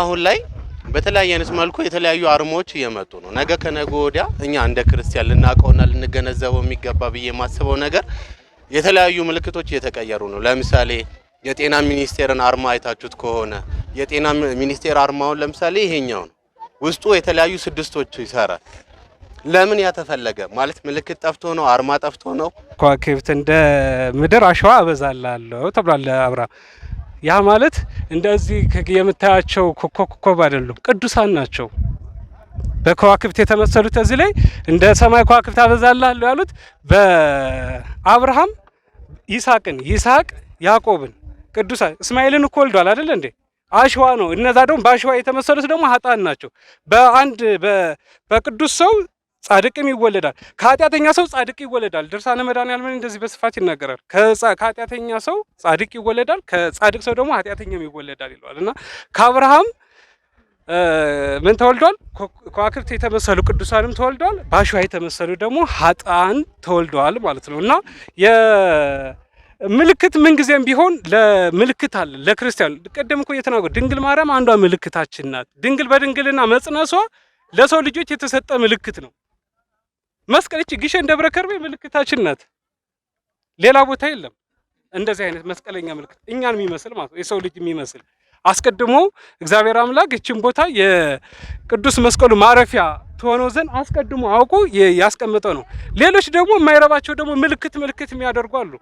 አሁን ላይ በተለያየ አይነት መልኩ የተለያዩ አርማዎች እየመጡ ነው። ነገ ከነገ ወዲያ እኛ እንደ ክርስቲያን ልናውቀውና ልንገነዘበው የሚገባ ብዬ የማስበው ነገር የተለያዩ ምልክቶች እየተቀየሩ ነው። ለምሳሌ የጤና ሚኒስቴርን አርማ አይታችሁት ከሆነ የጤና ሚኒስቴር አርማውን ለምሳሌ ይሄኛው ነው። ውስጡ የተለያዩ ስድስቶች ይሰራል። ለምን ያተፈለገ ማለት ምልክት ጠፍቶ ነው? አርማ ጠፍቶ ነው? ከዋክብት እንደ ምድር አሸዋ አበዛላለሁ ተብሏል አብርሃም ያ ማለት እንደዚህ የምታያቸው ኮከብ አይደሉም፣ ቅዱሳን ናቸው። በከዋክብት የተመሰሉት እዚህ ላይ እንደ ሰማይ ከዋክብት አበዛላሉ ያሉት በአብርሃም ይስሐቅን፣ ይስሐቅ ያዕቆብን ቅዱሳን እስማኤልን እኮ ወልዷል አይደል እንዴ? አሸዋ ነው። እነዛ ደግሞ በአሸዋ የተመሰሉት ደግሞ ሀጣን ናቸው። በአንድ በቅዱስ ሰው ጻድቅም ይወለዳል። ከኃጢአተኛ ሰው ጻድቅ ይወለዳል። ድርሳነ መድኃኔዓለም እንደዚህ በስፋት ይናገራል። ከኃጢአተኛ ሰው ጻድቅ ይወለዳል፣ ከጻድቅ ሰው ደግሞ ኃጢአተኛም ይወለዳል ይለዋል እና ከአብርሃም ምን ተወልዷል? ከዋክብት የተመሰሉ ቅዱሳንም ተወልደዋል። በአሸዋ የተመሰሉ ደግሞ ሀጣን ተወልደዋል ማለት ነው እና ምልክት ምንጊዜም ቢሆን ለምልክት አለ ለክርስቲያን። ቀደም እኮ እየተናገሩ ድንግል ማርያም አንዷ ምልክታችን ናት። ድንግል በድንግልና መጽነሷ ለሰው ልጆች የተሰጠ ምልክት ነው። መስቀል እቺ ግሸን ደብረ ከርቤ ምልክታችን ናት። ሌላ ቦታ የለም እንደዚህ አይነት መስቀለኛ ምልክት እኛን የሚመስል ማለት ነው፣ የሰው ልጅ የሚመስል አስቀድሞ እግዚአብሔር አምላክ እችን ቦታ የቅዱስ መስቀሉ ማረፊያ ትሆነው ዘንድ አስቀድሞ አውቆ ያስቀመጠው ነው። ሌሎች ደግሞ የማይረባቸው ደግሞ ምልክት ምልክት የሚያደርጉ አሉ።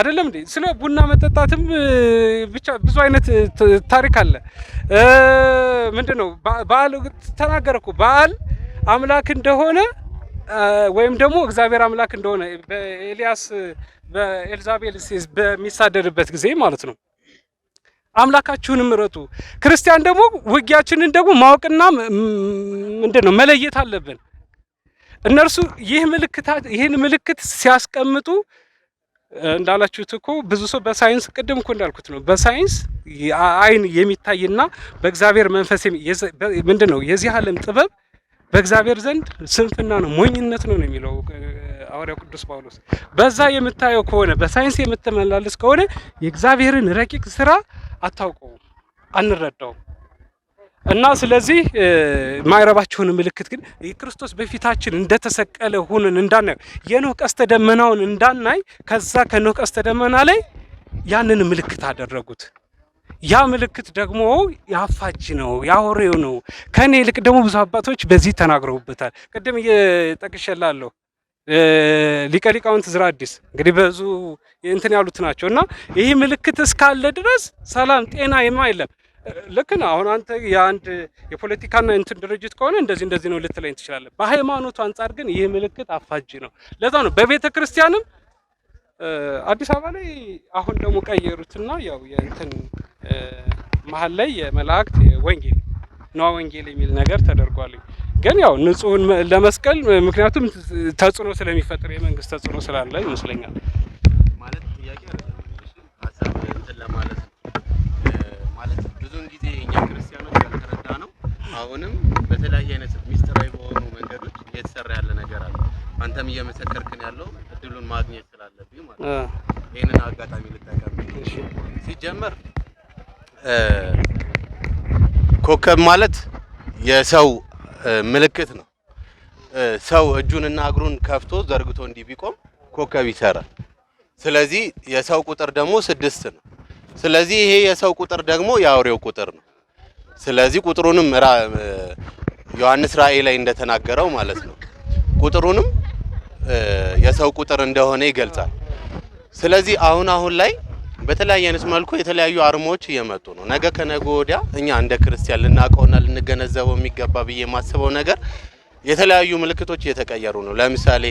አይደለም እንዴ? ስለ ቡና መጠጣትም ብቻ ብዙ አይነት ታሪክ አለ። ምንድን ነው በዓል ተናገረ እኮ በዓል አምላክ እንደሆነ ወይም ደግሞ እግዚአብሔር አምላክ እንደሆነ በኤልያስ በኤልዛቤል በሚሳደድበት ጊዜ ማለት ነው። አምላካችሁን ምረጡ። ክርስቲያን ደግሞ ውጊያችንን ደግሞ ማወቅና ምንድን ነው መለየት አለብን። እነርሱ ይህ ምልክታት ይህን ምልክት ሲያስቀምጡ እንዳላችሁት እኮ ብዙ ሰው በሳይንስ ቅድም እኮ እንዳልኩት ነው በሳይንስ አይን የሚታይና በእግዚአብሔር መንፈስ ምንድን ነው የዚህ ዓለም ጥበብ በእግዚአብሔር ዘንድ ስንፍና ነው፣ ሞኝነት ነው ነው የሚለው ሐዋርያው ቅዱስ ጳውሎስ። በዛ የምታየው ከሆነ በሳይንስ የምትመላለስ ከሆነ የእግዚአብሔርን ረቂቅ ስራ አታውቀውም፣ አንረዳውም። እና ስለዚህ ማይረባቸውን ምልክት ግን የክርስቶስ በፊታችን እንደተሰቀለ ሆነን እንዳናየው የኖህ ቀስተ ደመናውን እንዳናይ ከዛ ከኖህ ቀስተ ደመና ላይ ያንን ምልክት አደረጉት። ያ ምልክት ደግሞ ያፋጅ ነው፣ ያወሬው ነው። ከኔ ይልቅ ደግሞ ብዙ አባቶች በዚህ ተናግረውበታል። ቅድም እየጠቅሸላለሁ ሊቀ ሊቃውንት ዝራ አዲስ እንግዲህ በዙ እንትን ያሉት ናቸው እና ይህ ምልክት እስካለ ድረስ ሰላም ጤና የማይለም ልክ ነው። አሁን አንተ የአንድ የፖለቲካና እንትን ድርጅት ከሆነ እንደዚህ እንደዚህ ነው ልትለኝ ትችላለህ። በሃይማኖቱ አንጻር ግን ይህ ምልክት አፋጅ ነው። ለዛ ነው በቤተ ክርስቲያንም አዲስ አበባ ላይ አሁን ደግሞ ቀየሩትና ያው የእንትን መሀል ላይ የመላእክት ወንጌል ነዋ ወንጌል የሚል ነገር ተደርጓል። ግን ያው ንጹህን ለመስቀል ምክንያቱም ተጽዕኖ ስለሚፈጥር የመንግስት ተጽዕኖ ስላለ ይመስለኛል። ማለት ጥያቄ ለማለት ማለት ብዙውን ጊዜ እኛ ክርስቲያኖች ያልተረዳ ነው። አሁንም በተለያየ አይነት ሚስጥራዊ በሆኑ መንገዶች እየተሰራ ያለ ነገር አለ። አንተም እየመሰከርክን ያለው እድሉን ማግኘት ስላለብኝ ማለት ነው። ይህንን አጋጣሚ ልጠቀም ሲጀመር ኮከብ ማለት የሰው ምልክት ነው። ሰው እጁንና እግሩን ከፍቶ ዘርግቶ እንዲህ ቢቆም ኮከብ ይሰራል። ስለዚህ የሰው ቁጥር ደግሞ ስድስት ነው። ስለዚህ ይሄ የሰው ቁጥር ደግሞ የአውሬው ቁጥር ነው። ስለዚህ ቁጥሩንም ዮሐንስ ራእይ ላይ እንደተናገረው ማለት ነው ቁጥሩንም የሰው ቁጥር እንደሆነ ይገልጻል። ስለዚህ አሁን አሁን ላይ በተለያየ አይነት መልኩ የተለያዩ አርማዎች እየመጡ ነው። ነገ ከነገ ወዲያ እኛ እንደ ክርስቲያን ልናውቀውና ልንገነዘበው የሚገባ ብዬ የማስበው ነገር የተለያዩ ምልክቶች እየተቀየሩ ነው። ለምሳሌ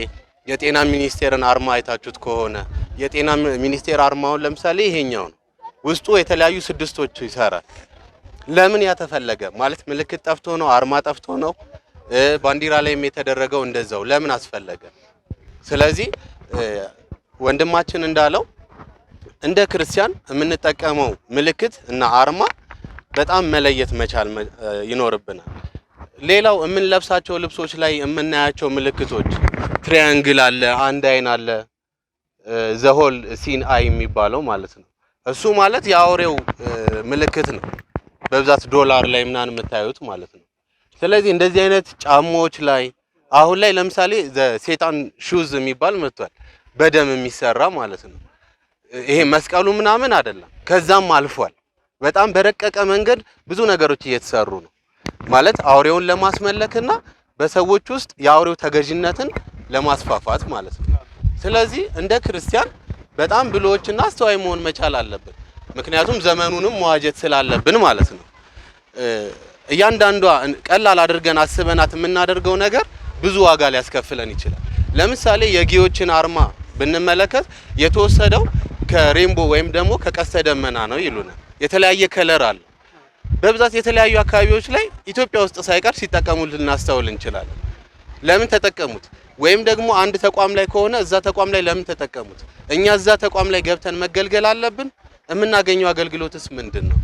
የጤና ሚኒስቴርን አርማ አይታችሁት ከሆነ የጤና ሚኒስቴር አርማውን ለምሳሌ ይሄኛው ነው። ውስጡ የተለያዩ ስድስቶች ይሰራል። ለምን ያተፈለገ ማለት ምልክት ጠፍቶ ነው? አርማ ጠፍቶ ነው? ባንዲራ ላይም የተደረገው እንደዛው ለምን አስፈለገ? ስለዚህ ወንድማችን እንዳለው እንደ ክርስቲያን የምንጠቀመው ምልክት እና አርማ በጣም መለየት መቻል ይኖርብናል። ሌላው የምንለብሳቸው ልብሶች ላይ የምናያቸው ምልክቶች ትሪያንግል አለ፣ አንድ አይን አለ፣ ዘሆል ሲን አይ የሚባለው ማለት ነው። እሱ ማለት የአውሬው ምልክት ነው። በብዛት ዶላር ላይ ምናን የምታዩት ማለት ነው። ስለዚህ እንደዚህ አይነት ጫማዎች ላይ አሁን ላይ ለምሳሌ ሴጣን ሹዝ የሚባል መጥቷል፣ በደም የሚሰራ ማለት ነው። ይሄ መስቀሉ ምናምን አይደለም፣ ከዛም አልፏል። በጣም በረቀቀ መንገድ ብዙ ነገሮች እየተሰሩ ነው ማለት አውሬውን ለማስመለክና በሰዎች ውስጥ የአውሬው ተገዥነትን ለማስፋፋት ማለት ነው። ስለዚህ እንደ ክርስቲያን በጣም ብሎችና አስተዋይ መሆን መቻል አለብን። ምክንያቱም ዘመኑንም መዋጀት ስላለብን ማለት ነው። እያንዳንዷ ቀላል አድርገን አስበናት የምናደርገው ነገር ብዙ ዋጋ ሊያስከፍለን ይችላል። ለምሳሌ የጊዎችን አርማ ብንመለከት የተወሰደው ከሬምቦ ወይም ደግሞ ከቀስተ ደመና ነው ይሉናል። የተለያየ ከለር አለ። በብዛት የተለያዩ አካባቢዎች ላይ ኢትዮጵያ ውስጥ ሳይቀር ሲጠቀሙ ልናስተውል እንችላለን። ለምን ተጠቀሙት? ወይም ደግሞ አንድ ተቋም ላይ ከሆነ እዛ ተቋም ላይ ለምን ተጠቀሙት? እኛ እዛ ተቋም ላይ ገብተን መገልገል አለብን። የምናገኘው አገልግሎትስ ምንድን ነው?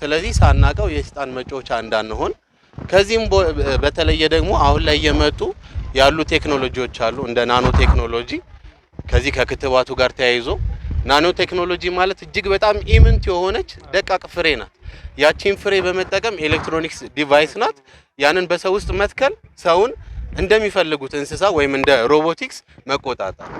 ስለዚህ ሳናቀው የሰይጣን መጫወቻ እንዳንሆን፣ ከዚህም በተለየ ደግሞ አሁን ላይ እየመጡ ያሉ ቴክኖሎጂዎች አሉ እንደ ናኖ ቴክኖሎጂ ከዚህ ከክትባቱ ጋር ተያይዞ ናኖ ቴክኖሎጂ ማለት እጅግ በጣም ኢምንት የሆነች ደቃቅ ፍሬ ናት። ያቺን ፍሬ በመጠቀም ኤሌክትሮኒክስ ዲቫይስ ናት። ያንን በሰው ውስጥ መትከል ሰውን እንደሚፈልጉት እንስሳ ወይም እንደ ሮቦቲክስ መቆጣጠር።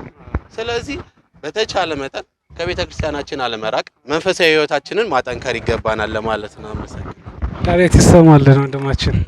ስለዚህ በተቻለ መጠን ከቤተ ክርስቲያናችን አለመራቅ፣ መንፈሳዊ ህይወታችንን ማጠንከር ይገባናል ለማለት ነው። አመሰግናለሁ። ቃል ይሰማልን ወንድማችን።